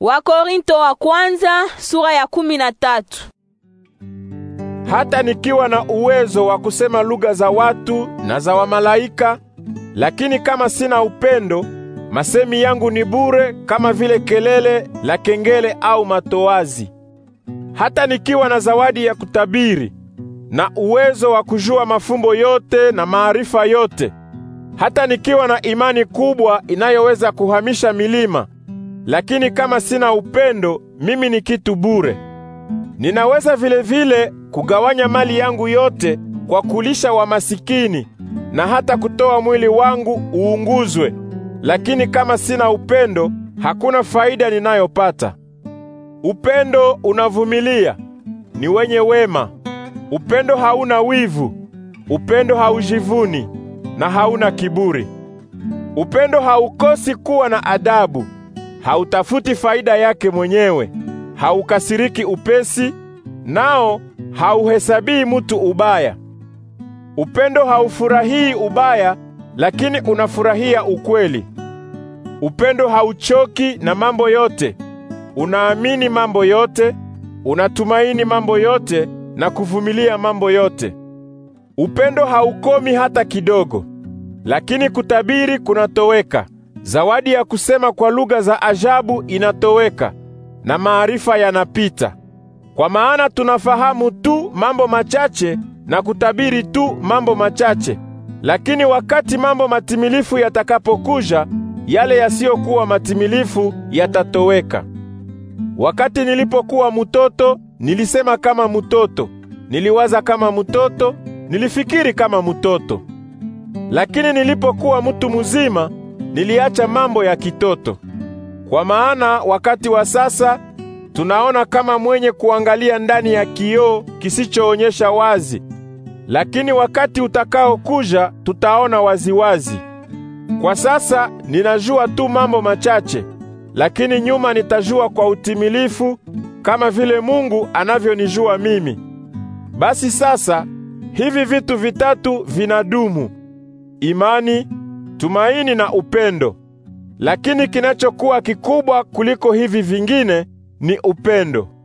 Wakorinto wa kwanza, sura ya kumi na tatu. Hata nikiwa na uwezo wa kusema lugha za watu na za wamalaika, lakini kama sina upendo, masemi yangu ni bure kama vile kelele la kengele au matoazi. Hata nikiwa na zawadi ya kutabiri na uwezo wa kujua mafumbo yote na maarifa yote, hata nikiwa na imani kubwa inayoweza kuhamisha milima lakini kama sina upendo, mimi ni kitu bure. Ninaweza vile vile kugawanya mali yangu yote kwa kulisha wamasikini na hata kutoa mwili wangu uunguzwe. Lakini kama sina upendo, hakuna faida ninayopata. Upendo unavumilia, ni wenye wema. Upendo hauna wivu. Upendo haujivuni na hauna kiburi. Upendo haukosi kuwa na adabu hautafuti faida yake mwenyewe, haukasiriki upesi, nao hauhesabii mutu ubaya. Upendo haufurahii ubaya, lakini unafurahia ukweli. Upendo hauchoki na mambo yote, unaamini mambo yote, unatumaini mambo yote na kuvumilia mambo yote. Upendo haukomi hata kidogo, lakini kutabiri kunatoweka. Zawadi ya kusema kwa lugha za ajabu inatoweka na maarifa yanapita. Kwa maana tunafahamu tu mambo machache na kutabiri tu mambo machache. Lakini wakati mambo matimilifu yatakapokuja, yale yasiyokuwa matimilifu yatatoweka. Wakati nilipokuwa mutoto, nilisema kama mutoto, niliwaza kama mutoto, nilifikiri kama mutoto. Lakini nilipokuwa mtu mzima, niliacha mambo ya kitoto. Kwa maana wakati wa sasa tunaona kama mwenye kuangalia ndani ya kioo kisichoonyesha wazi, lakini wakati utakaokuja tutaona waziwazi. Kwa sasa ninajua tu mambo machache, lakini nyuma nitajua kwa utimilifu kama vile Mungu anavyonijua mimi. Basi sasa hivi vitu vitatu vinadumu: imani, tumaini na upendo. Lakini kinachokuwa kikubwa kuliko hivi vingine ni upendo.